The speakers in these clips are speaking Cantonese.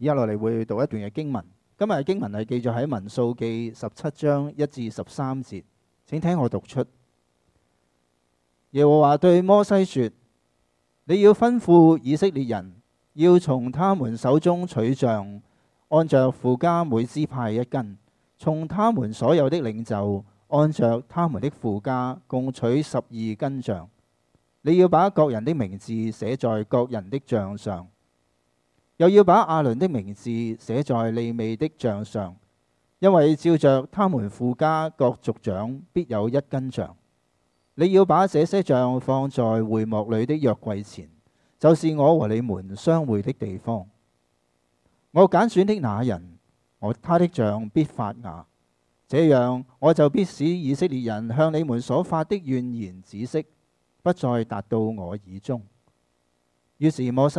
而家落嚟會讀一段嘅經文。今日嘅經文係記載喺民數記十七章一至十三節，請聽我讀出。耶和華對摩西說：你要吩咐以色列人，要從他們手中取杖，按着父家每支派一根；從他們所有的領袖，按着他們的父家，共取十二根杖。你要把各人的名字寫在各人的杖上。又要把阿倫的名字寫在利未的杖上，因為照着他們父家各族長必有一根杖。你要把這些杖放在會幕裏的約櫃前，就是我和你們相會的地方。我揀選的那人和他的杖必發芽，這樣我就必使以色列人向你們所發的怨言止息，不再達到我耳中。於是摩西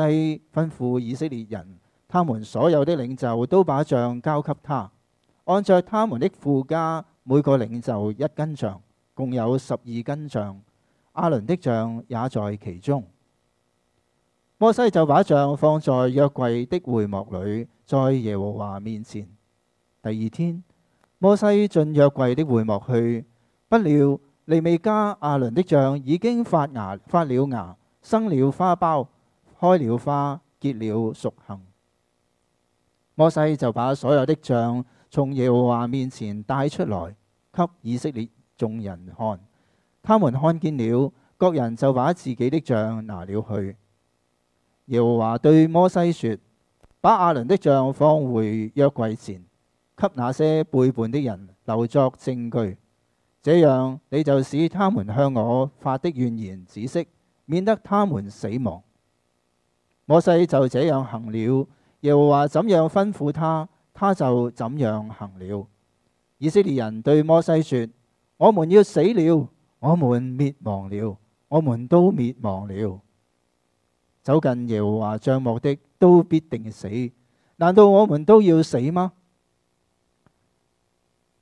吩咐以色列人，他們所有的領袖都把杖交給他，按照他們的父家，每個領袖一根杖，共有十二根杖。亞倫的杖也在其中。摩西就把杖放在約櫃的會幕裏，在耶和華面前。第二天，摩西進約櫃的會幕去，不料利未家亞倫的杖已經發芽、發了芽、生了花苞。開了花，結了熟杏。摩西就把所有的杖從耶和華面前帶出來，給以色列眾人看。他們看見了，各人就把自己的杖拿了去。耶和華對摩西說：把亞倫的杖放回約櫃前，給那些背叛的人留作證據。這樣你就使他們向我發的怨言止息，免得他們死亡。摩西就這樣行了，耶和華怎樣吩咐他，他就怎樣行了。以色列人對摩西說：我們要死了，我們滅亡了，我們都滅亡了。走近耶和華帳幕的都必定死。難道我們都要死嗎？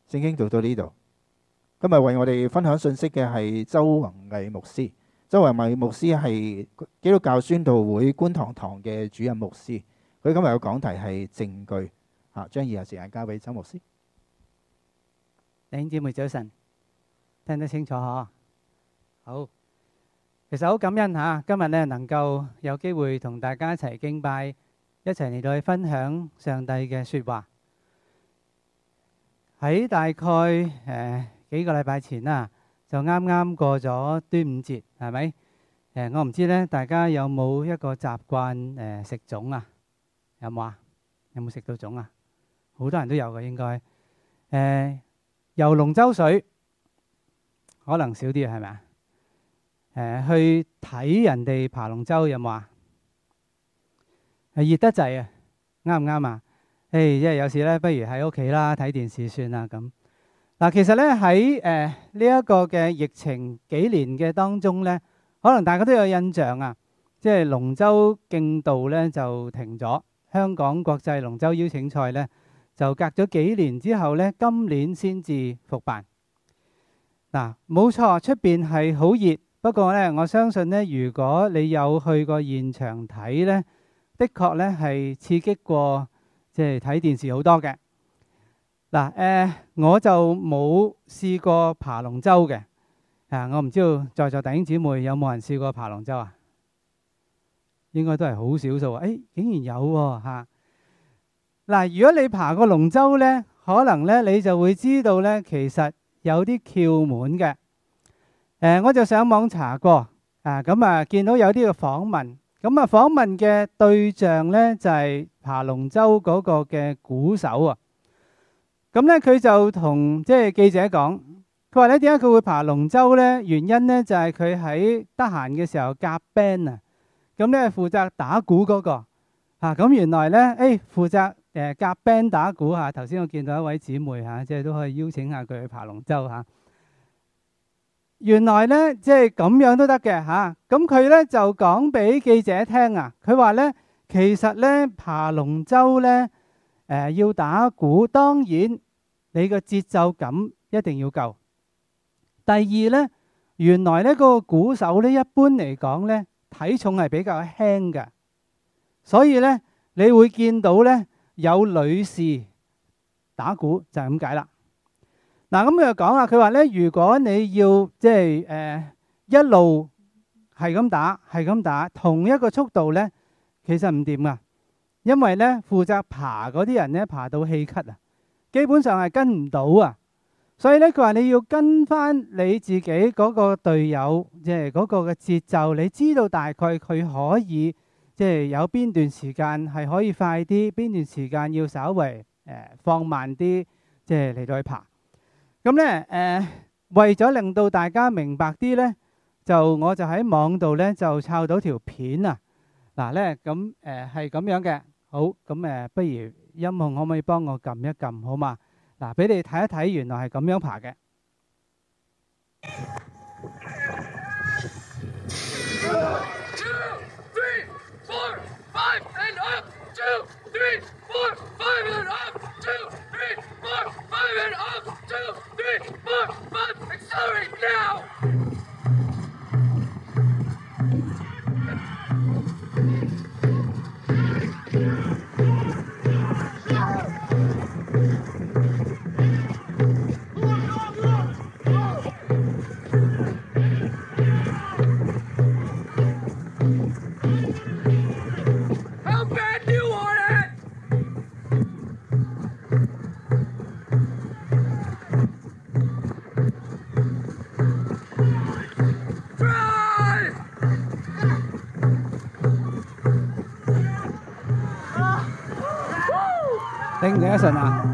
聖經讀到呢度，今日為我哋分享信息嘅係周弘毅牧師。周弘毅牧師係基督教宣道會觀塘堂嘅主任牧師，佢今日嘅講題係證據，吓，將二號時間交俾周牧師。弟兄姊妹早晨，聽得清楚嗬？好，其實好感恩吓，今日呢能夠有機會同大家一齊敬拜，一齊嚟到去分享上帝嘅說話。喺大概誒幾個禮拜前啦。就啱啱過咗端午節，係咪？誒，我唔知咧，大家有冇一個習慣誒食粽啊？有冇啊？有冇食到粽啊？好多人都有嘅，應該。誒，游龍舟水可能少啲啊，係咪啊？誒，去睇人哋爬龍舟有冇啊？誒，熱得滯啊，啱唔啱啊？誒，因為有時咧，不如喺屋企啦，睇電視算啦咁。嗱，其實咧喺誒呢一個嘅疫情幾年嘅當中咧，可能大家都有印象啊，即係龍舟競渡咧就停咗，香港國際龍舟邀請賽咧就隔咗幾年之後咧，今年先至復辦。嗱，冇錯，出邊係好熱，不過咧，我相信咧，如果你有去過現場睇咧，的確咧係刺激過，即係睇電視好多嘅。嗱，誒、呃、我就冇試過爬龍舟嘅，啊，我唔知道在座弟兄姊妹有冇人試過爬龍舟啊？應該都係好少數啊、哎！竟然有嚇、啊。嗱、啊，如果你爬過龍舟咧，可能咧你就會知道咧，其實有啲竅門嘅。誒、啊，我就上網查過，啊，咁啊見到有啲嘅訪問，咁啊訪問嘅對象咧就係、是、爬龍舟嗰個嘅鼓手啊。咁咧，佢就同即係記者講，佢話咧點解佢會爬龍舟咧，原因咧就係佢喺得閒嘅時候夾 band 啊。咁咧負責打鼓嗰個嚇，咁原來咧誒負責誒夾 band 打鼓嚇。頭先我見到一位姊妹嚇，即係都可以邀請下佢去爬龍舟嚇。原來咧即係咁樣都得嘅嚇。咁佢咧就講俾記者聽啊，佢話咧其實咧爬龍舟咧。誒，要打鼓，當然你個節奏感一定要夠。第二呢，原來呢個鼓手呢，一般嚟講呢，體重係比較輕嘅，所以呢你會見到呢有女士打鼓就係咁解啦。嗱，咁佢又講啦，佢話呢，如果你要即係誒一路係咁打，係咁打同一個速度呢，其實唔掂噶。因為咧負責爬嗰啲人咧，爬到氣咳啊，基本上係跟唔到啊，所以咧佢話你要跟翻你自己嗰個隊友，即係嗰個嘅節奏，你知道大概佢可以即係有邊段時間係可以快啲，邊段時間要稍微誒放慢啲，即係嚟到去爬。咁咧誒，為咗令到大家明白啲咧，就我就喺網度咧就抄到條片啊，嗱咧咁誒係咁樣嘅。好，咁誒，不如音控可唔可以幫我撳一撳，好嗎？嗱，俾你睇一睇，原來係咁樣爬嘅。阿神啊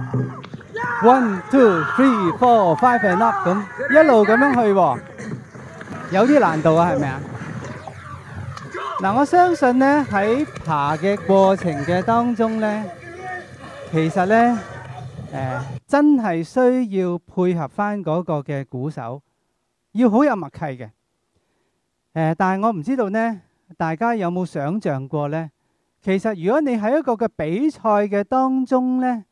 ，one two three four five and up，咁一路咁樣去喎，有啲難度啊，係咪啊？嗱，我相信咧喺爬嘅過程嘅當中咧，其實咧，誒，真係需要配合翻嗰個嘅鼓手，要好有默契嘅。誒，但係我唔知道咧，大家有冇想象過咧？其實如果你喺一個嘅比賽嘅當中呢，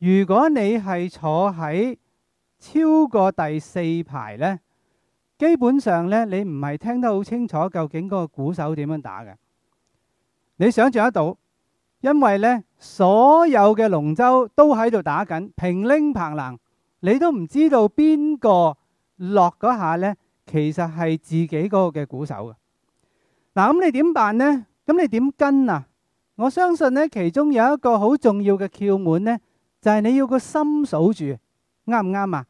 如果你係坐喺超過第四排呢，基本上呢，你唔係聽得好清楚究竟嗰個鼓手點樣打嘅。你想像得到，因為呢，所有嘅龍舟都喺度打緊，平拎棚攔，你都唔知道邊個落嗰下呢，其實係自己嗰個嘅鼓手嘅。嗱、啊、咁你點辦呢？咁你點跟啊？我相信咧，其中有一個好重要嘅竅門咧，就係你要個心數住，啱唔啱啊？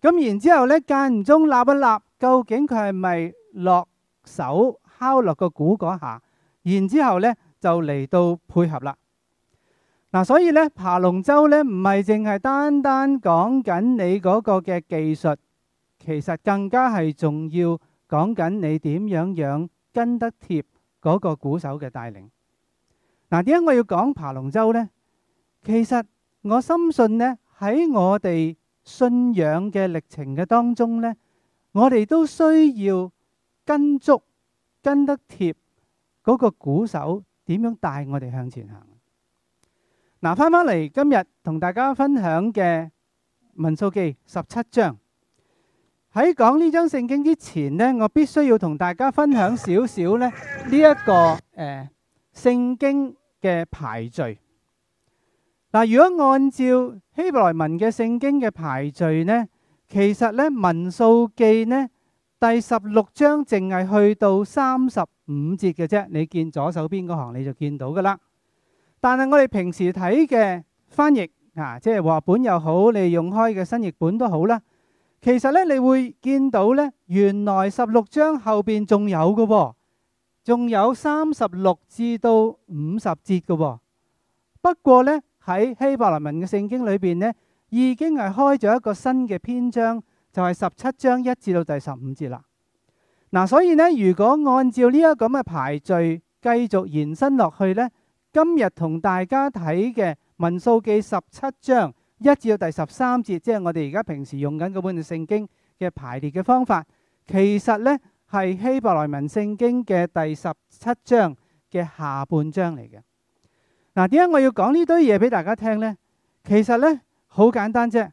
咁然之後咧，間唔中立一立，究竟佢係咪落手敲落個鼓嗰下？然之後咧，就嚟到配合啦。嗱，所以咧，爬龍舟咧，唔係淨係單單講緊你嗰個嘅技術，其實更加係仲要講緊你點樣樣跟得貼嗰個鼓手嘅帶領。嗱，點解我要講爬龍舟呢？其實我深信咧，喺我哋信仰嘅歷程嘅當中呢，我哋都需要跟足、跟得貼嗰個鼓手點樣帶我哋向前行。嗱，翻返嚟今日同大家分享嘅《民數記》十七章。喺講呢章聖經之前呢，我必須要同大家分享少少咧呢一個誒、呃、聖經嘅排序嗱，如果按照希伯來文嘅聖經嘅排序咧，其實咧民數記咧第十六章淨係去到三十五節嘅啫，你見左手邊嗰行你就見到噶啦。但係我哋平時睇嘅翻譯啊，即係和本又好，你用開嘅新譯本都好啦，其實咧你會見到咧，原來十六章後邊仲有噶喎。仲有三十六至到五十節嘅，哦，不過呢，喺希伯來文嘅聖經裏邊呢，已經係開咗一個新嘅篇章，就係十七章一至到第十五節啦。嗱，啊，所以呢，如果按照呢一個咁嘅排序繼續延伸落去呢，今日同大家睇嘅民數記十七章一至到第十三節，即係我哋而家平時用緊嗰本聖經嘅排列嘅方法，其實呢，係希伯來文聖經嘅第十七章嘅下半章嚟嘅。嗱，點解我要講呢堆嘢俾大家聽呢？其實呢，好簡單啫，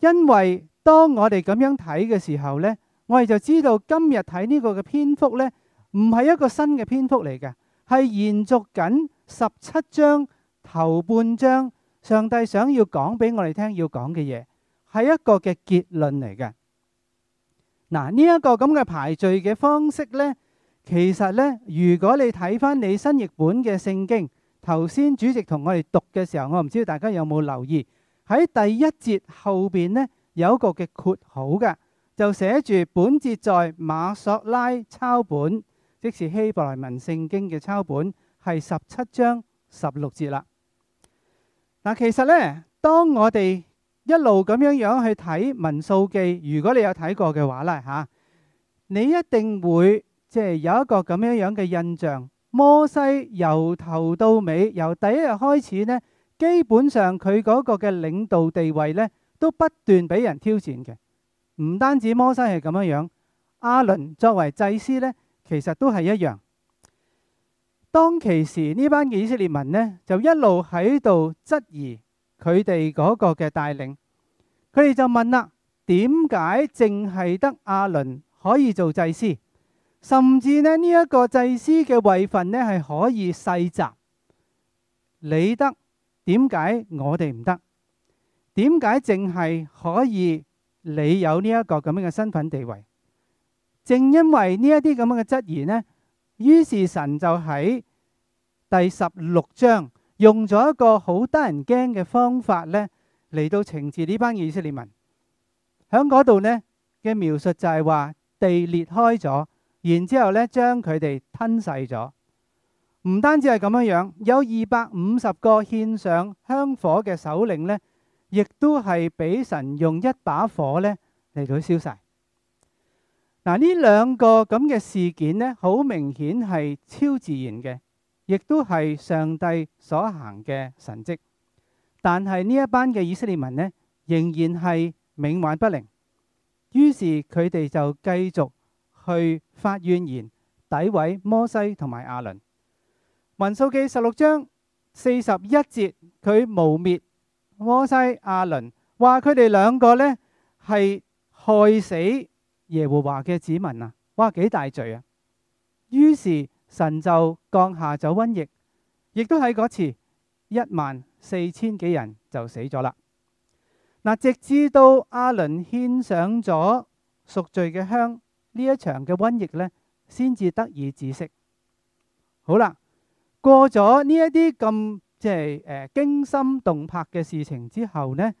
因為當我哋咁樣睇嘅時候呢，我哋就知道今日睇呢個嘅篇幅呢，唔係一個新嘅篇幅嚟嘅，係延續緊十七章頭半章，上帝想要講俾我哋聽要講嘅嘢，係一個嘅結論嚟嘅。嗱，呢一個咁嘅排序嘅方式呢，其實呢，如果你睇返你新譯本嘅聖經，頭先主席同我哋讀嘅時候，我唔知道大家有冇留意喺第一節後邊呢，有一個嘅括號嘅，就寫住本節在馬索拉抄本，即是希伯來文聖經嘅抄本，係十七章十六節啦。嗱，其實呢，當我哋一路咁樣樣去睇《民數記》，如果你有睇過嘅話咧，吓，你一定會即係有一個咁樣樣嘅印象。摩西由頭到尾，由第一日開始咧，基本上佢嗰個嘅領導地位咧，都不斷俾人挑戰嘅。唔單止摩西係咁樣樣，亞倫作為祭司咧，其實都係一樣。當其時呢班以色列民咧，就一路喺度質疑。佢哋嗰個嘅帶領，佢哋就問啦：點解淨係得阿倫可以做祭司？甚至咧呢一個祭司嘅位份咧係可以世襲，你得，點解我哋唔得？點解淨係可以你有呢一個咁樣嘅身份地位？正因為呢一啲咁樣嘅質疑呢，於是神就喺第十六章。用咗一個好得人驚嘅方法咧，嚟到懲治呢班以色列民。喺嗰度咧嘅描述就係話地裂開咗，然之後咧將佢哋吞噬咗。唔單止係咁樣樣，有二百五十個獻上香火嘅首領咧，亦都係俾神用一把火咧嚟到燒晒。嗱、啊、呢兩個咁嘅事件咧，好明顯係超自然嘅。亦都係上帝所行嘅神蹟，但係呢一班嘅以色列民呢，仍然係冥頑不靈，於是佢哋就繼續去發怨言、詆毀摩西同埋亞倫。民數記十六章四十一節，佢誣衊摩西、亞倫，話佢哋兩個呢係害死耶和華嘅子民啊！哇，幾大罪啊！於是。神就降下咗瘟疫，亦都喺嗰次一萬四千幾人就死咗啦。嗱，直至到阿倫獻上咗贖罪嘅香，呢一場嘅瘟疫咧先至得以止息。好啦，過咗呢一啲咁即係誒驚心動魄嘅事情之後咧，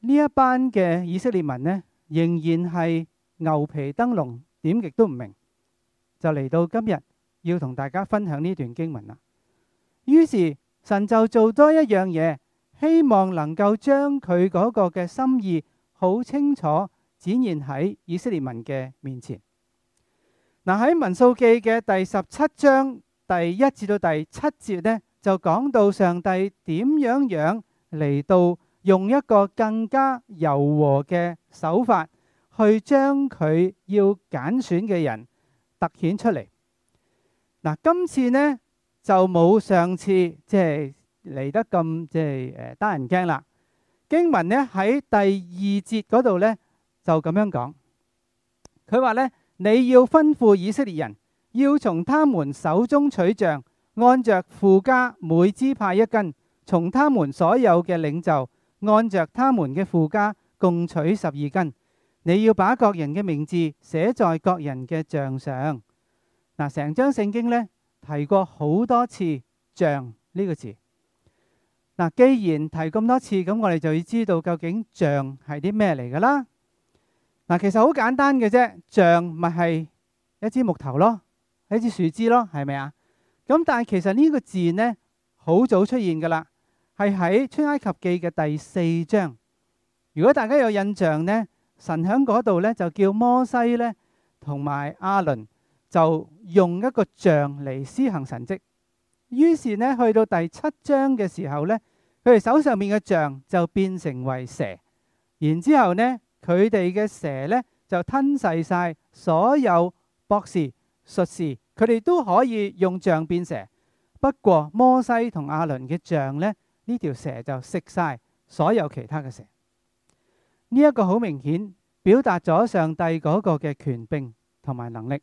呢一班嘅以色列民呢，仍然係牛皮燈籠點極都唔明，就嚟到今日。要同大家分享呢段經文啦。於是神就做多一樣嘢，希望能夠將佢嗰個嘅心意好清楚展現喺以色列民嘅面前。嗱，喺民數記嘅第十七章第一至到第七節呢，就講到上帝點樣樣嚟到用一個更加柔和嘅手法去將佢要揀選嘅人突顯出嚟。嗱，今次咧就冇上次即係嚟得咁即係誒得人驚啦。經文咧喺第二節嗰度咧就咁樣講，佢話咧你要吩咐以色列人要從他們手中取杖，按着父家每支派一根，從他們所有嘅領袖按着他們嘅父家，共取十二根，你要把各人嘅名字寫在各人嘅杖上。嗱，成章聖經咧提過好多次杖呢個字。嗱，既然提咁多次，咁我哋就要知道究竟杖係啲咩嚟噶啦。嗱，其實好簡單嘅啫，杖咪係一支木頭咯，一支樹枝咯，係咪啊？咁但係其實呢個字咧好早出現噶啦，係喺出埃及記嘅第四章。如果大家有印象咧，神喺嗰度咧就叫摩西咧同埋亞倫就，用一個杖嚟施行神蹟，於是呢，去到第七章嘅時候呢，佢哋手上面嘅杖就變成為蛇，然之後咧佢哋嘅蛇呢，就吞噬晒所有博士、術士，佢哋都可以用杖變蛇。不過摩西同亞倫嘅杖呢，呢條蛇就食晒所有其他嘅蛇。呢一個好明顯表達咗上帝嗰個嘅權柄同埋能力。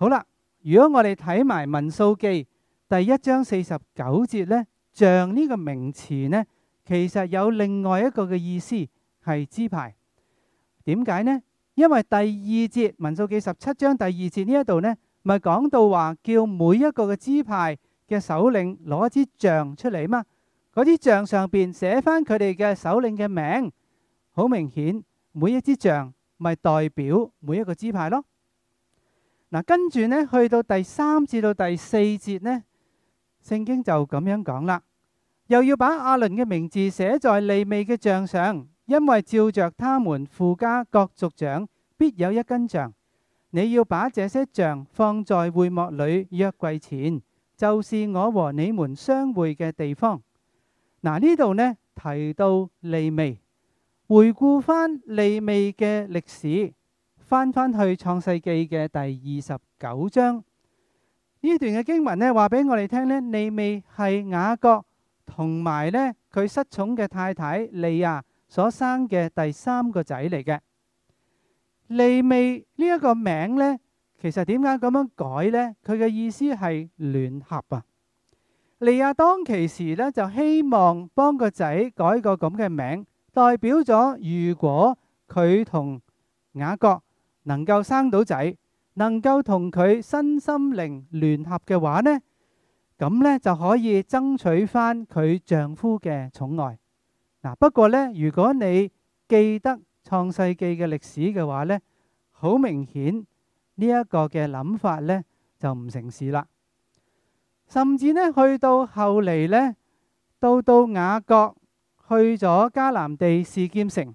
好啦，如果我哋睇埋民數記第一章四十九節咧，杖呢個名詞咧，其實有另外一個嘅意思係支牌。點解呢？因為第二節民數記十七章第二節呢一度呢，咪講到話叫每一個嘅支派嘅首領攞一支杖出嚟嘛。嗰支杖上邊寫翻佢哋嘅首領嘅名，好明顯，每一支杖咪代表每一個支派咯。嗱，跟住咧，去到第三至到第四節呢，聖經就咁樣講啦，又要把阿倫嘅名字寫在利未嘅杖上，因為照着他們父家各族長必有一根杖。你要把這些杖放在會幕裏約櫃前，就是我和你們相會嘅地方。嗱，呢度呢，提到利未，回顧翻利未嘅歷史。翻返去《創世記》嘅第二十九章，呢段嘅經文咧，話俾我哋聽咧，利未係雅各同埋咧佢失寵嘅太太利亞所生嘅第三個仔嚟嘅。利未呢一個名咧，其實點解咁樣改呢？佢嘅意思係聯合啊。利亞當其時咧就希望幫個仔改個咁嘅名，代表咗如果佢同雅各。能夠生到仔，能夠同佢身心靈聯合嘅話呢，咁呢就可以爭取翻佢丈夫嘅寵愛。嗱，不過呢，如果你記得創世記嘅歷史嘅話呢，好明顯呢一個嘅諗法呢就唔成事啦。甚至呢，去到後嚟呢，到到雅各去咗迦南地示劍城。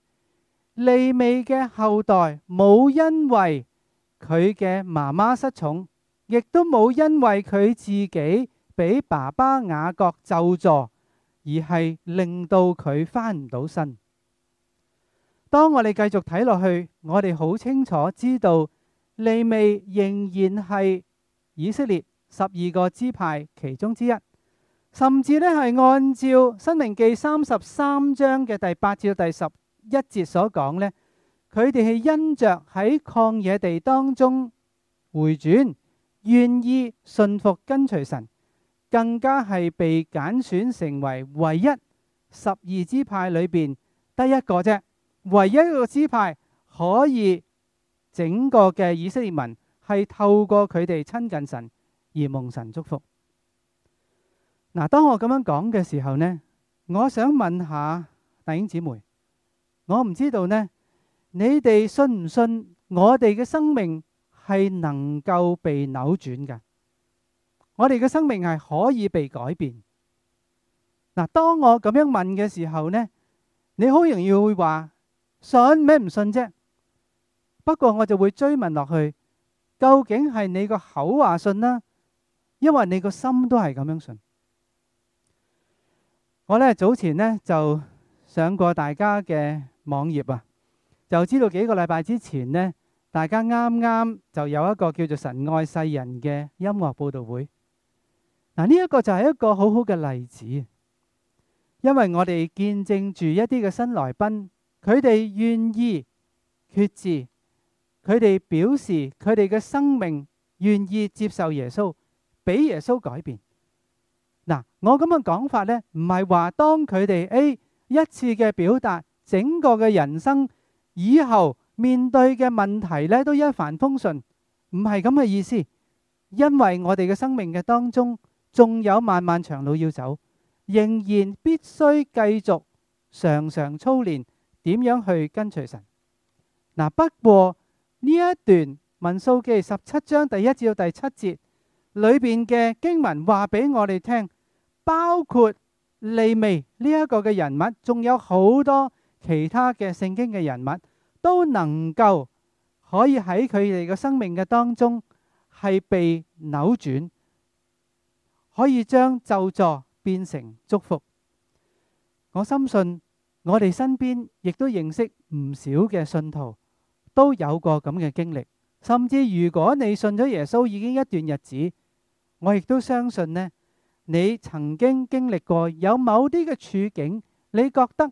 利未嘅後代冇因為佢嘅媽媽失寵，亦都冇因為佢自己俾爸爸雅各咒詛，而係令到佢翻唔到身。當我哋繼續睇落去，我哋好清楚知道利未仍然係以色列十二個支派其中之一，甚至咧係按照《申命記》三十三章嘅第八至到第十。一節所講咧，佢哋係因着喺曠野地當中回轉，願意信服跟隨神，更加係被揀選成為唯一十二支派裏邊得一個啫，唯一一個支派可以整個嘅以色列民係透過佢哋親近神而蒙神祝福。嗱、啊，當我咁樣講嘅時候呢，我想問下弟兄姊妹。我唔知道呢，你哋信唔信？我哋嘅生命係能夠被扭轉嘅，我哋嘅生命係可以被改變。嗱，當我咁樣問嘅時候呢，你好容易會話信咩唔信啫？不過我就會追問落去，究竟係你個口話信啦，因為你個心都係咁樣信。我呢早前呢就想過大家嘅。網頁啊，就知道幾個禮拜之前呢，大家啱啱就有一個叫做神愛世人嘅音樂報道會。嗱，呢一個就係一個好好嘅例子，因為我哋見證住一啲嘅新來賓，佢哋願意決志，佢哋表示佢哋嘅生命願意接受耶穌，俾耶穌改變。嗱，我咁嘅講法呢，唔係話當佢哋 A 一次嘅表達。整個嘅人生以後面對嘅問題咧，都一帆風順，唔係咁嘅意思，因為我哋嘅生命嘅當中，仲有漫漫長路要走，仍然必須繼續常常操練點樣去跟隨神。嗱，不過呢一段民數記十七章第一至到第七節裏邊嘅經文話俾我哋聽，包括利未呢一個嘅人物，仲有好多。其他嘅聖經嘅人物都能夠可以喺佢哋嘅生命嘅當中係被扭轉，可以將咒詛變成祝福。我深信我哋身邊亦都認識唔少嘅信徒都有過咁嘅經歷。甚至如果你信咗耶穌已經一段日子，我亦都相信呢，你曾經經歷過有某啲嘅處境，你覺得，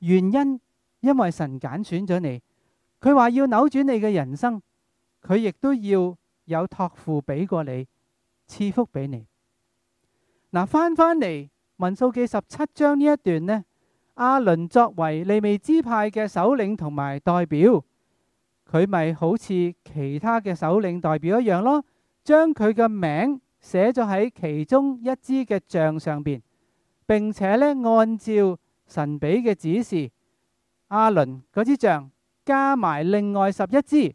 原因，因為神揀選咗你，佢話要扭轉你嘅人生，佢亦都要有託付俾過你，賜福俾你。嗱、啊，翻翻嚟民數記十七章呢一段呢，亞倫作為利未支派嘅首領同埋代表，佢咪好似其他嘅首領代表一樣咯，將佢嘅名寫咗喺其中一支嘅杖上邊，並且咧按照。神俾嘅指示，阿倫嗰支杖加埋另外十一支，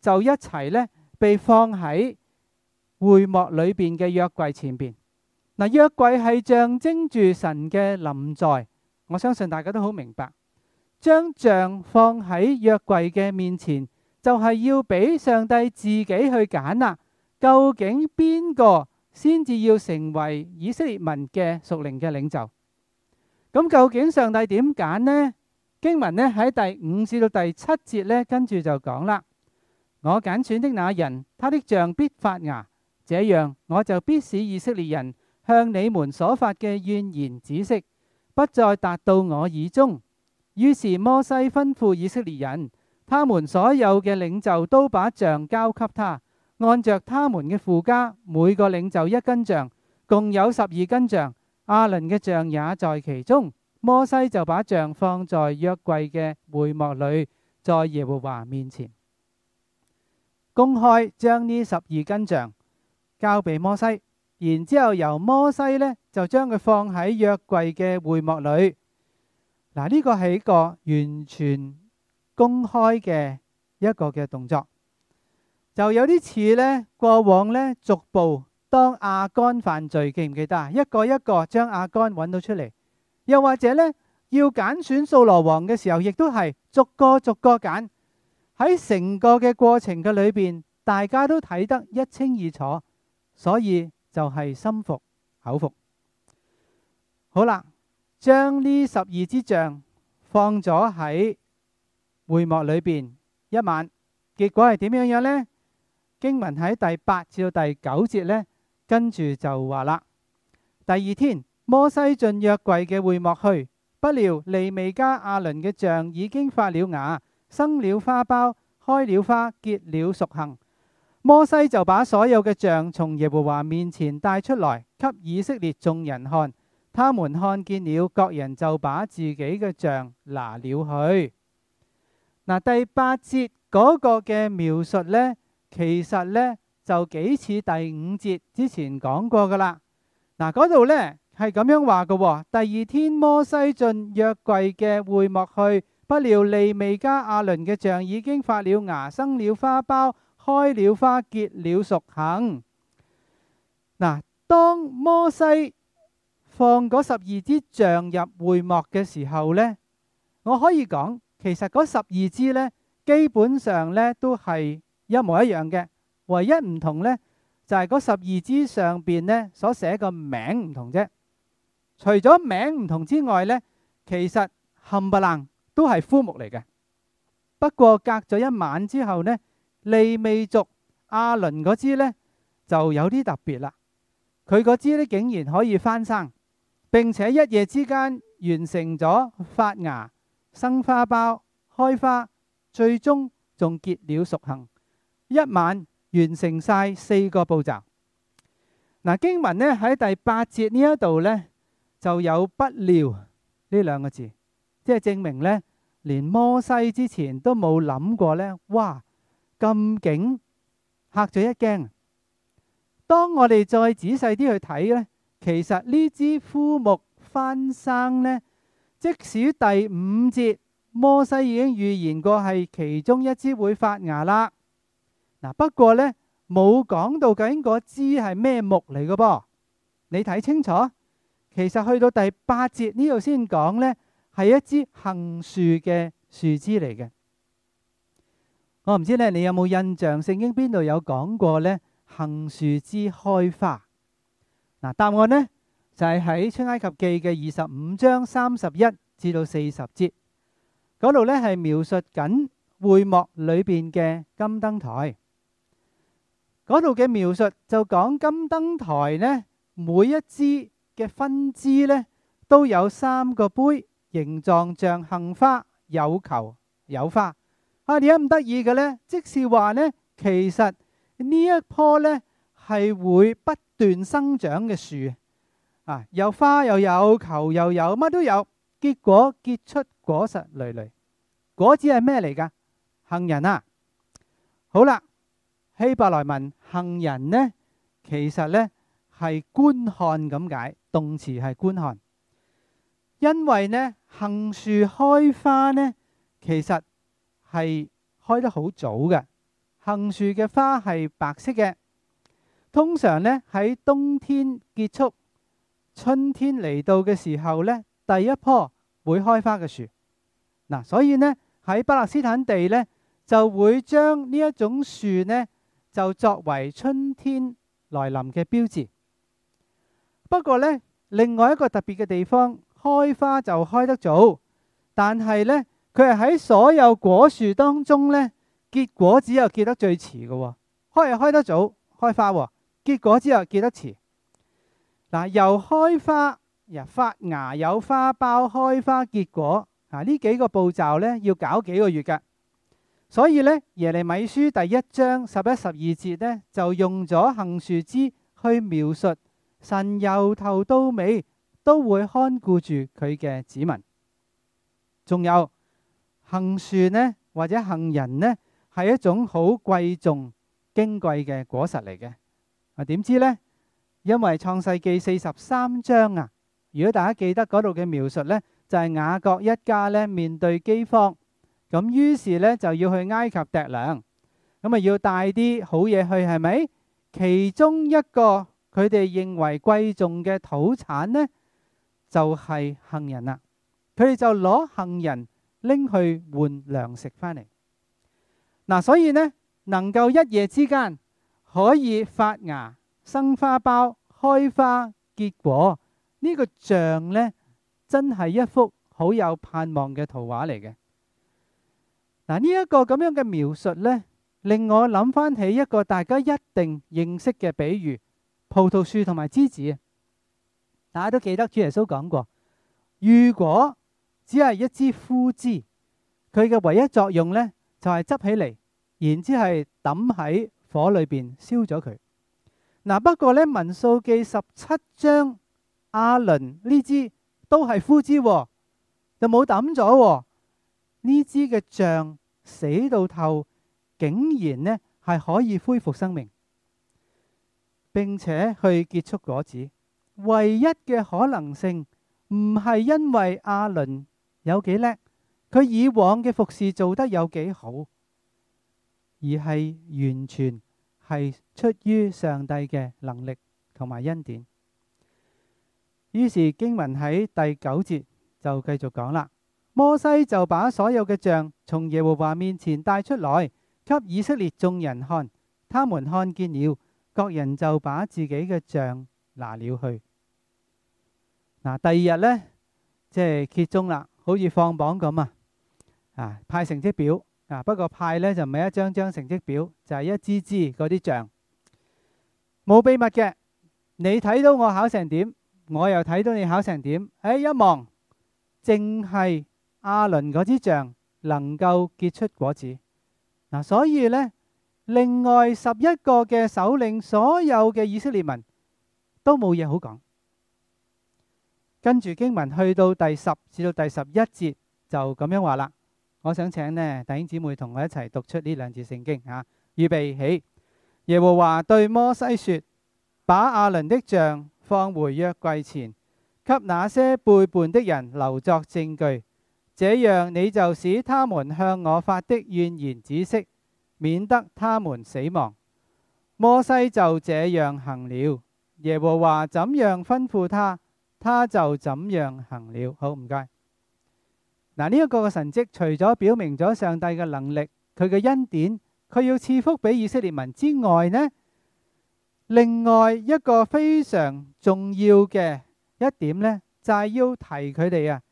就一齊咧被放喺會幕裏邊嘅約櫃前邊。嗱，約櫃係象徵住神嘅臨在，我相信大家都好明白。將杖放喺約櫃嘅面前，就係要俾上帝自己去揀啦。究竟邊個先至要成為以色列民嘅屬靈嘅領袖？咁、嗯、究竟上帝點揀呢？經文呢喺第五至到第七節呢，跟住就講啦：嗯、我揀選的那人，他的杖必發芽，這樣我就必使以色列人向你們所發嘅怨言止息，不再達到我耳中。於是摩西吩咐以色列人，他們所有嘅領袖都把杖交給他，按着他們嘅附加，每個領袖一根杖，共有十二根杖。」阿倫嘅杖也在其中，摩西就把杖放在約櫃嘅會幕裏，在耶和華面前公開將呢十二根杖交俾摩西，然之後由摩西咧就將佢放喺約櫃嘅會幕裏。嗱，呢個係一個完全公開嘅一個嘅動作，就有啲似咧過往咧逐步。當亞干犯罪，記唔記得啊？一個一個將亞干揾到出嚟，又或者呢，要揀選掃羅王嘅時候，亦都係逐個逐個揀。喺成個嘅過程嘅裏邊，大家都睇得一清二楚，所以就係心服口服。好啦，將呢十二支杖放咗喺會幕裏邊一晚，結果係點樣樣呢？經文喺第八至到第九節呢。跟住就話啦。第二天，摩西進約櫃嘅會幕去，不料利未家亞倫嘅杖已經發了芽，生了花苞，開了花，結了熟杏。摩西就把所有嘅杖從耶和華面前帶出來，給以色列眾人看。他們看見了，各人就把自己嘅杖拿了去。嗱、啊，第八節嗰個嘅描述呢，其實呢？就幾次第五節之前講過噶啦。嗱、啊，嗰度呢係咁樣話嘅喎。第二天，摩西進約櫃嘅會幕去，不料利未家阿倫嘅杖已經發了芽，生了花苞，開了花，結了熟杏。嗱、啊，當摩西放嗰十二支杖入會幕嘅時候呢，我可以講其實嗰十二支呢，基本上呢都係一模一樣嘅。唯一唔同呢，就係、是、嗰十二枝上邊呢，所寫個名唔同啫。除咗名唔同之外呢，其實冚唪唥都係枯木嚟嘅。不過隔咗一晚之後呢，利未族阿倫嗰枝呢就有啲特別啦。佢嗰枝呢竟然可以翻生，並且一夜之間完成咗發芽、生花苞、開花，最終仲結了熟杏一晚，完成晒四個步驟。嗱、啊，經文咧喺第八節呢一度咧就有不料呢兩個字，即係證明咧，連摩西之前都冇諗過咧。哇，咁勁，嚇咗一驚。當我哋再仔細啲去睇咧，其實呢支枯木翻生咧，即使第五節摩西已經預言過係其中一支會發芽啦。嗱，不過呢，冇講到究竟嗰支係咩木嚟嘅噃？你睇清楚，其實去到第八節呢度先講呢，係一支杏樹嘅樹枝嚟嘅。我唔知咧，你有冇印象？聖經邊度有講過呢？杏樹枝開花嗱？答案呢，就係喺《出埃及記》嘅二十五章三十一至到四十節嗰度呢，係描述緊會幕裏邊嘅金燈台。嗰度嘅描述就講金燈台呢，每一枝嘅分支呢，都有三個杯，形狀像杏花，有球有花。啊，點解咁得意嘅呢？即是話呢，其實呢一棵呢，係會不斷生長嘅樹啊，有花又有，有球又有乜都有，結果結出果實累累。果子係咩嚟㗎？杏仁啊！好啦。希伯來文杏仁呢，其實呢係觀看咁解，動詞係觀看。因為呢，杏樹開花呢，其實係開得好早嘅。杏樹嘅花係白色嘅，通常呢喺冬天結束、春天嚟到嘅時候呢，第一棵會開花嘅樹。嗱、啊，所以呢，喺巴勒斯坦地呢，就會將呢一種樹呢。就作為春天來臨嘅標誌。不過呢，另外一個特別嘅地方，開花就開得早，但係呢，佢係喺所有果樹當中呢，結果只有結得最遲嘅、哦。開又開得早，開花、哦，結果只有結得遲。嗱、呃，由開花、發芽、有花苞、開花、結果，啊、呃，呢幾個步驟呢，要搞幾個月㗎。所以咧耶利米書第一章十一、十二節咧就用咗杏樹枝去描述神由頭到尾都會看顧住佢嘅子民。仲有杏樹呢，或者杏仁呢，係一種好貴重、矜貴嘅果實嚟嘅。啊，點知呢？因為創世紀四十三章啊，如果大家記得嗰度嘅描述呢，就係雅各一家咧面對饑荒。咁於是咧就要去埃及揼糧，咁啊要帶啲好嘢去係咪？其中一個佢哋認為貴重嘅土產咧，就係杏仁啦。佢哋就攞杏仁拎去換糧食翻嚟。嗱，所以咧能夠一夜之間可以發芽、生花苞、開花、結果，呢個像咧真係一幅好有盼望嘅圖畫嚟嘅。嗱，呢一個咁樣嘅描述呢，令我諗翻起一個大家一定認識嘅比喻，葡萄樹同埋枝子。大家都記得主耶穌講過，如果只係一支枯枝，佢嘅唯一作用呢，就係、是、執起嚟，然之係抌喺火裏邊燒咗佢。嗱、啊、不過呢，民數記十七章阿倫呢支都係枯枝、哦，就冇抌咗呢支嘅像。死到透竟然呢，係可以恢復生命，並且去結束果子。唯一嘅可能性唔係因為亞倫有幾叻，佢以往嘅服侍做得有幾好，而係完全係出於上帝嘅能力同埋恩典。於是經文喺第九節就繼續講啦。摩西就把所有嘅杖從耶和華面前帶出來，給以色列眾人看。他們看見了，各人就把自己嘅杖拿了去。嗱、啊，第二日咧，即、就、係、是、揭盅啦，好似放榜咁啊！啊，派成績表啊，不過派咧就唔係一張張成績表，就係、是、一支支嗰啲杖。冇秘密嘅。你睇到我考成點，我又睇到你考成點，誒、哎，一望，淨係。阿倫嗰支杖能夠結出果子，嗱、啊，所以咧，另外十一個嘅首領，所有嘅以色列民都冇嘢好講。跟住經文去到第十至到第十一節就咁樣話啦。我想請呢弟兄姊妹同我一齊讀出呢兩節聖經吓、啊，預備起。耶和華對摩西說：把阿倫的杖放回約櫃前，給那些背叛的人留作證據。這樣你就使他們向我發的怨言止息，免得他們死亡。摩西就這樣行了。耶和華怎樣吩咐他，他就怎樣行了。好，唔該。嗱呢一個嘅神蹟，除咗表明咗上帝嘅能力、佢嘅恩典、佢要賜福俾以色列民之外呢，另外一個非常重要嘅一點呢，就係、是、要提佢哋啊。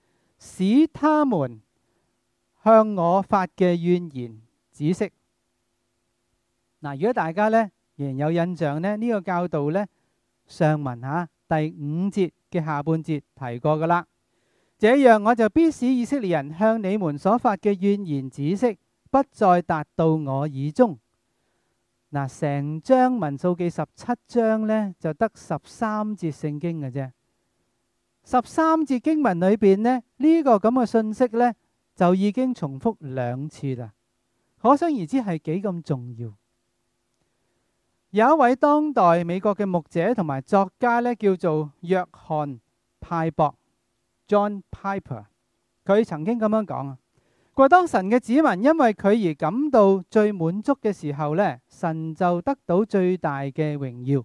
使他們向我發嘅怨言止息。嗱、啊，如果大家咧仍然有印象咧，呢、這個教導咧上文啊第五節嘅下半節提過噶啦。這樣我就必使以色列人向你們所發嘅怨言止息，不再達到我耳中。嗱、啊，成章民數記十七章咧就得十三節聖經嘅啫。十三節經文裏邊呢，呢、呢個咁嘅信息呢，就已經重複兩次啦，可想而知係幾咁重要。有一位當代美國嘅牧者同埋作家呢，叫做約翰派博 （John Piper），佢曾經咁樣講啊：佢話當神嘅子民因為佢而感到最滿足嘅時候呢，神就得到最大嘅榮耀。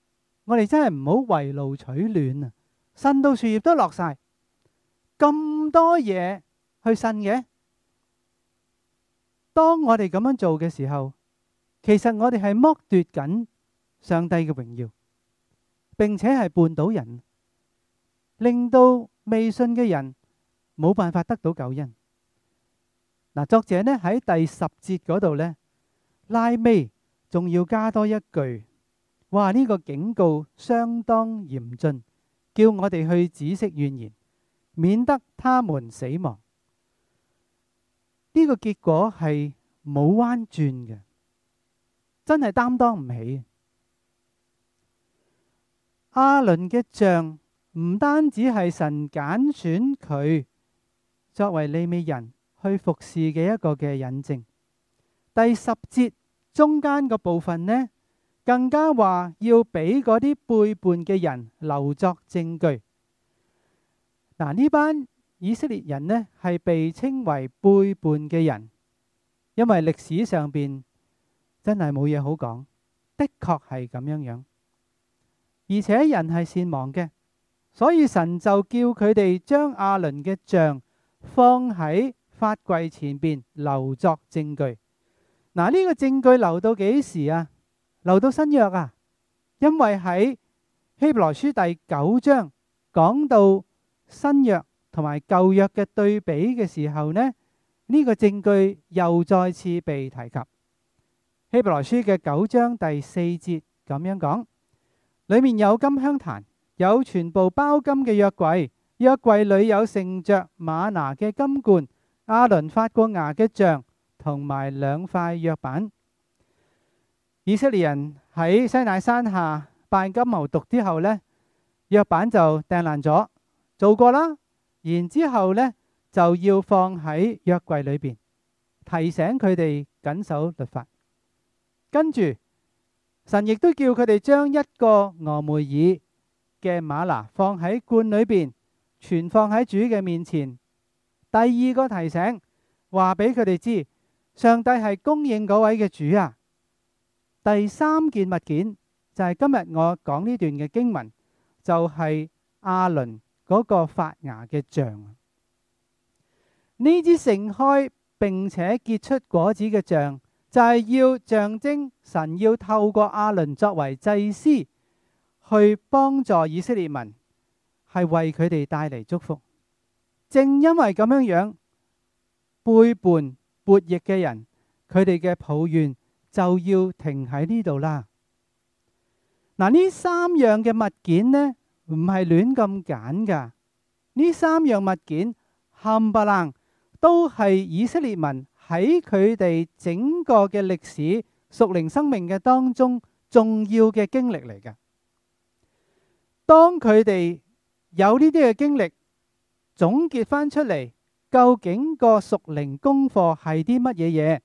我哋真係唔好圍爐取暖啊！呻到樹葉都落晒，咁多嘢去呻嘅。當我哋咁樣做嘅時候，其實我哋係剝奪緊上帝嘅榮耀，並且係絆倒人，令到未信嘅人冇辦法得到救恩。嗱、啊，作者咧喺第十節嗰度呢，拉尾仲要加多一句。話呢、這個警告相當嚴峻，叫我哋去止息怨言，免得他們死亡。呢、這個結果係冇彎轉嘅，真係擔當唔起。阿倫嘅像唔單止係神揀選佢作為利未人去服侍嘅一個嘅引證，第十節中間個部分呢，更加話要俾嗰啲背叛嘅人留作證據。嗱，呢班以色列人呢係被稱為背叛嘅人，因為歷史上邊真係冇嘢好講，的確係咁樣樣。而且人係善忘嘅，所以神就叫佢哋將亞倫嘅像放喺法櫃前邊留作證據。嗱，呢個證據留到幾時啊？留到新約啊，因為喺希伯來書第九章講到新約同埋舊約嘅對比嘅時候呢，呢、呢個證據又再次被提及。希伯來書嘅九章第四節咁樣講，裏面有金香壇，有全部包金嘅約櫃，約櫃裏有盛着馬拿嘅金罐、亞倫發過芽嘅杖同埋兩塊約版。以色列人喺西乃山下拜金牛犢之後呢，約板就掟爛咗，做過啦。然之後咧就要放喺約櫃裏邊，提醒佢哋謹守律法。跟住神亦都叫佢哋將一個俄梅爾嘅瑪拿放喺罐裏邊，存放喺主嘅面前。第二個提醒，話俾佢哋知，上帝係供應嗰位嘅主啊。第三件物件就係、是、今日我講呢段嘅經文，就係、是、亞倫嗰個發芽嘅像。呢支盛開並且結出果子嘅像，就係、是、要象徵神要透過亞倫作為祭司去幫助以色列民，係為佢哋帶嚟祝福。正因為咁樣樣背叛叛逆嘅人，佢哋嘅抱怨。就要停喺呢度啦。嗱，呢三樣嘅物件呢，唔係亂咁揀噶。呢三樣物件冚唪唥都係以色列民喺佢哋整個嘅歷史屬靈生命嘅當中重要嘅經歷嚟噶。當佢哋有呢啲嘅經歷，總結翻出嚟，究竟個屬靈功課係啲乜嘢嘢？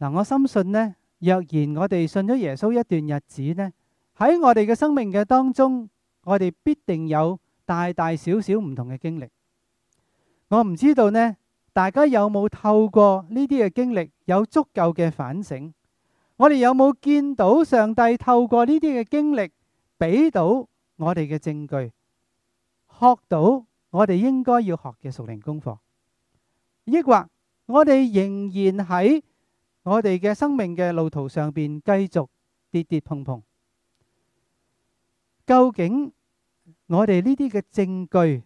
嗱，我深信咧，若然我哋信咗耶穌一段日子咧，喺我哋嘅生命嘅當中，我哋必定有大大小小唔同嘅經歷。我唔知道咧，大家有冇透過呢啲嘅經歷有足夠嘅反省？我哋有冇見到上帝透過呢啲嘅經歷俾到我哋嘅證據，學到我哋應該要學嘅屬靈功課？抑或我哋仍然喺我哋嘅生命嘅路途上邊繼續跌跌碰碰，究竟我哋呢啲嘅證據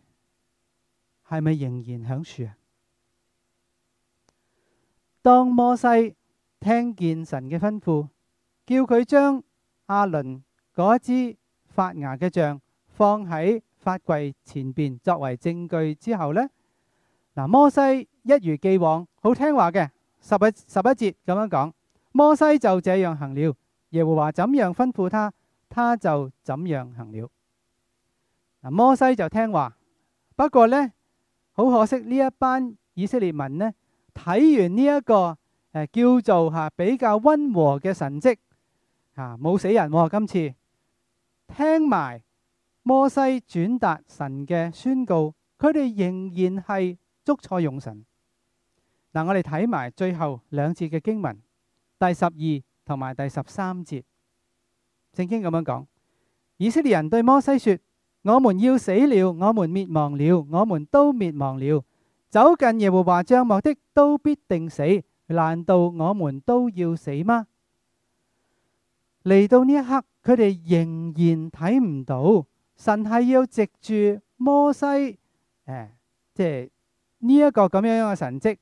係咪仍然響樹啊？當摩西聽見神嘅吩咐，叫佢將阿倫嗰支發芽嘅杖放喺法櫃前邊作為證據之後呢，嗱，摩西一如既往好聽話嘅。十一十一節咁樣講，摩西就這樣行了。耶和華怎樣吩咐他，他就怎樣行了。摩西就聽話。不過呢，好可惜呢一班以色列民呢，睇完呢、這、一個誒、呃、叫做吓比較溫和嘅神迹啊，冇死人、哦。今次聽埋摩西轉達神嘅宣告，佢哋仍然係捉錯用神。嗱，我哋睇埋最後兩節嘅經文，第十二同埋第十三節，聖經咁樣講：以色列人對摩西說，我們要死了，我們滅亡了，我們都滅亡了。走近耶和華帳幕的都必定死。難道我們都要死嗎？嚟到呢一刻，佢哋仍然睇唔到神係要藉住摩西，哎，即係呢一個咁樣樣嘅神蹟。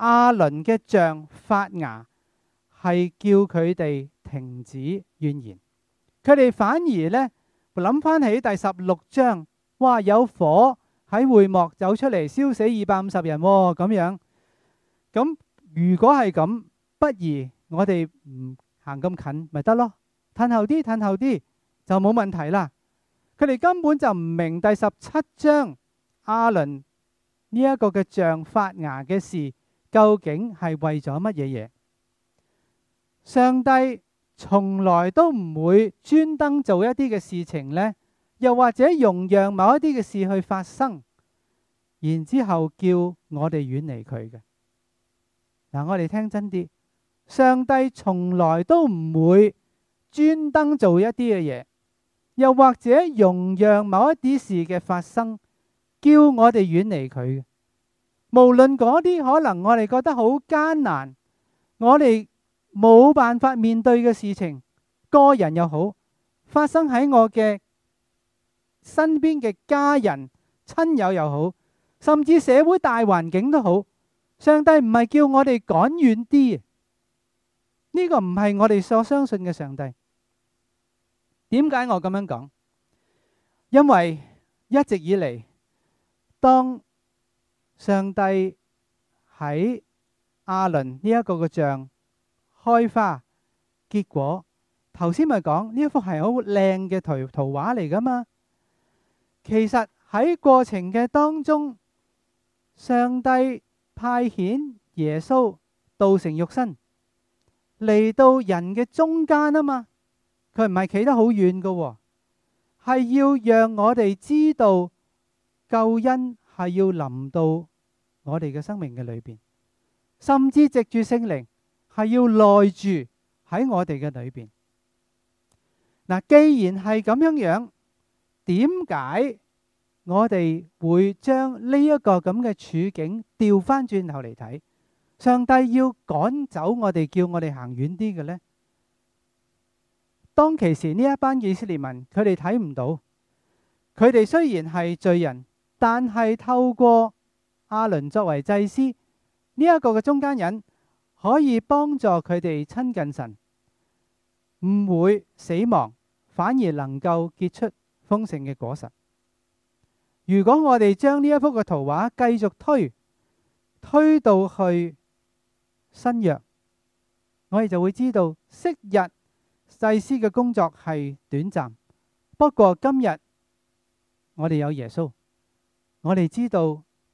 阿倫嘅杖發芽，係叫佢哋停止怨言。佢哋反而呢，諗翻起第十六章，哇！有火喺會幕走出嚟，燒死二百五十人咁，哦，咁樣。咁如果係咁，不如我哋唔行咁近咪得咯？褪後啲，褪後啲就冇問題啦。佢哋根本就唔明第十七章阿倫呢一個嘅杖發芽嘅事。究竟係為咗乜嘢嘢？上帝從來都唔會專登做一啲嘅事情呢，又或者容讓某一啲嘅事去發生，然之後叫我哋遠離佢嘅。嗱、啊，我哋聽真啲，上帝從來都唔會專登做一啲嘅嘢，又或者容讓某一啲事嘅發生，叫我哋遠離佢。無論嗰啲可能我哋覺得好艱難，我哋冇辦法面對嘅事情，個人又好，發生喺我嘅身邊嘅家人、親友又好，甚至社會大環境都好，上帝唔係叫我哋趕遠啲，呢個唔係我哋所相信嘅上帝。點解我咁樣講？因為一直以嚟，當。上帝喺亞倫呢一個嘅像開花結果，頭先咪講呢一幅係好靚嘅圖圖畫嚟噶嘛？其實喺過程嘅當中，上帝派遣耶穌道成肉身嚟到人嘅中間啊嘛，佢唔係企得好遠嘅喎，係要讓我哋知道救恩係要臨到。我哋嘅生命嘅裏邊，甚至藉住聖靈係要內住喺我哋嘅裏邊。嗱，既然係咁樣樣，點解我哋會將呢一個咁嘅處境調翻轉頭嚟睇？上帝要趕走我哋，叫我哋行遠啲嘅呢？當其時呢一班以色列民，佢哋睇唔到，佢哋雖然係罪人，但係透過。阿倫作為祭司，呢一個嘅中間人可以幫助佢哋親近神，唔會死亡，反而能夠結出豐盛嘅果實。如果我哋將呢一幅嘅圖畫繼續推推到去新約，我哋就會知道昔日祭司嘅工作係短暫，不過今日我哋有耶穌，我哋知道。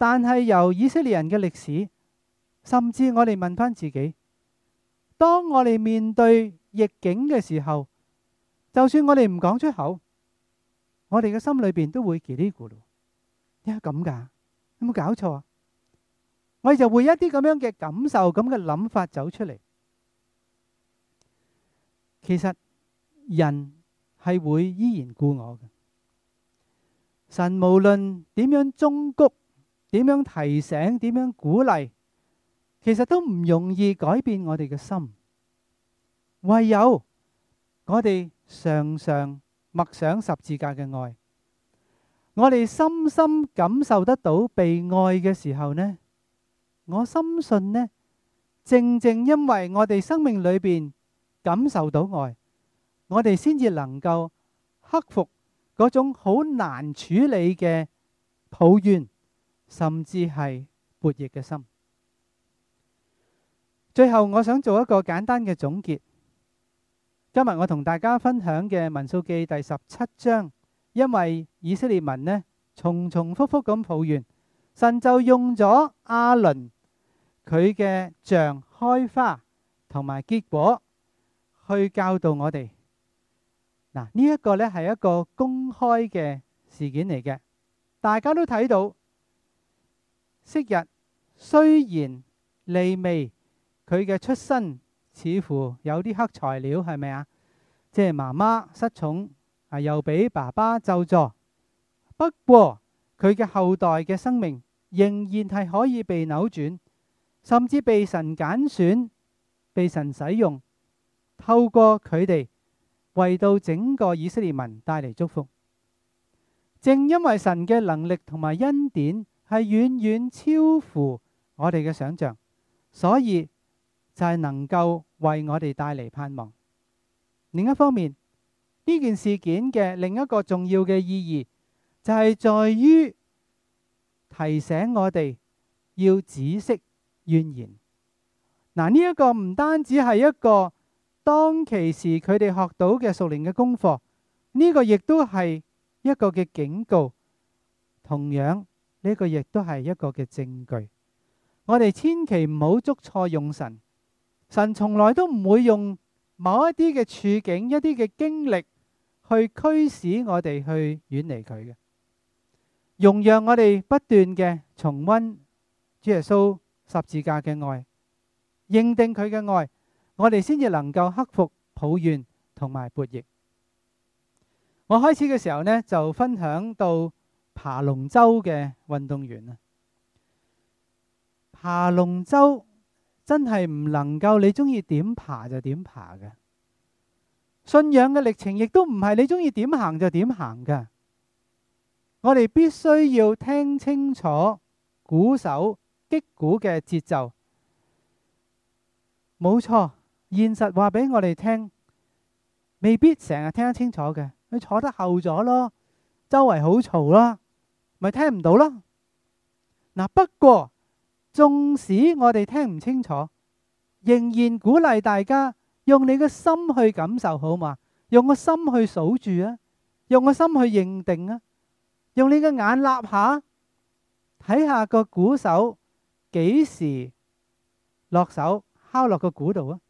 但係由以色列人嘅歷史，甚至我哋問翻自己，當我哋面對逆境嘅時候，就算我哋唔講出口，我哋嘅心裏邊都會嘰哩咕嚕，點解咁噶？有冇搞錯啊？我哋就會一啲咁樣嘅感受、咁嘅諗法走出嚟。其實人係會依然故我嘅，神無論點樣忠告。點樣提醒？點樣鼓勵？其實都唔容易改變我哋嘅心。唯有我哋常常默想十字架嘅愛，我哋深深感受得到被愛嘅時候呢，我深信呢，正正因為我哋生命裏邊感受到愛，我哋先至能夠克服嗰種好難處理嘅抱怨。甚至係叛逆嘅心。最後，我想做一個簡單嘅總結。今日我同大家分享嘅民數記第十七章，因為以色列民呢重重複複咁抱怨，神就用咗亞倫佢嘅像開花同埋結果去教導我哋。嗱，呢一個咧係一個公開嘅事件嚟嘅，大家都睇到。昔日雖然利未佢嘅出身似乎有啲黑材料，係咪啊？即係媽媽失寵，啊又俾爸爸咒詛。不過佢嘅後代嘅生命仍然係可以被扭轉，甚至被神揀選，被神使用。透過佢哋為到整個以色列民帶嚟祝福。正因為神嘅能力同埋恩典。係遠遠超乎我哋嘅想象，所以就係能夠為我哋帶嚟盼望。另一方面，呢件事件嘅另一個重要嘅意義就係、是、在於提醒我哋要止息怨言。嗱，呢、這、一個唔單止係一個當其時佢哋學到嘅熟練嘅功課，呢、這個亦都係一個嘅警告，同樣。呢個亦都係一個嘅證據，我哋千祈唔好捉錯用神，神從來都唔會用某一啲嘅處境、一啲嘅經歷去驅使我哋去遠離佢嘅，容讓我哋不斷嘅重溫主耶穌十字架嘅愛，認定佢嘅愛，我哋先至能夠克服抱怨同埋叛逆。我開始嘅時候呢，就分享到。爬龍舟嘅運動員啊，爬龍舟真係唔能夠你中意點爬就點爬嘅。信仰嘅歷程亦都唔係你中意點行就點行嘅。我哋必須要聽清楚鼓手擊鼓嘅節奏。冇錯，現實話俾我哋聽，未必成日聽得清楚嘅，你坐得後咗咯。周圍好嘈啦，咪聽唔到咯。嗱、啊，不過縱使我哋聽唔清楚，仍然鼓勵大家用你嘅心去感受好嘛，用個心去數住啊，用個心去認定啊，用你嘅眼立下睇下個鼓手幾時落手敲落個鼓度啊。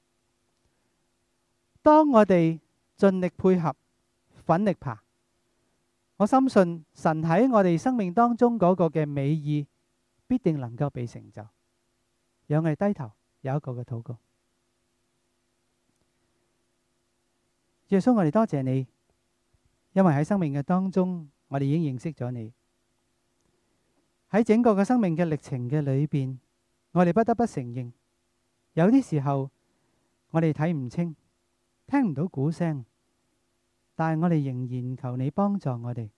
當我哋盡力配合，奮力拍。我深信神喺我哋生命當中嗰個嘅美意必定能夠被成就。讓我哋低頭有一個嘅禱告，耶穌，我哋多謝你，因為喺生命嘅當中，我哋已經認識咗你。喺整個嘅生命嘅歷程嘅裏邊，我哋不得不承認，有啲時候我哋睇唔清，聽唔到鼓聲。但係我哋仍然求你幫助我哋，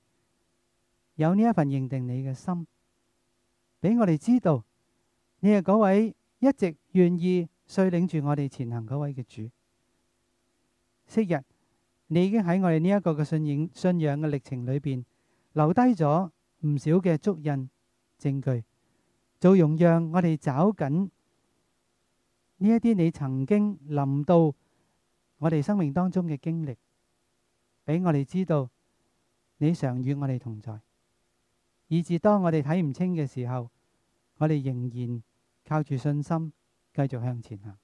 有呢一份認定你嘅心，俾我哋知道，你係嗰位一直願意率領住我哋前行嗰位嘅主。昔日你已經喺我哋呢一個嘅信認、信仰嘅歷程裏邊，留低咗唔少嘅足印證據，做容讓我哋找緊呢一啲你曾經臨到我哋生命當中嘅經歷。俾我哋知道，你常與我哋同在，以至當我哋睇唔清嘅時候，我哋仍然靠住信心繼續向前行。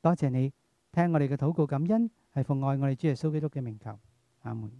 多謝你聽我哋嘅禱告感恩，係奉愛我哋主耶穌基督嘅名求。阿門。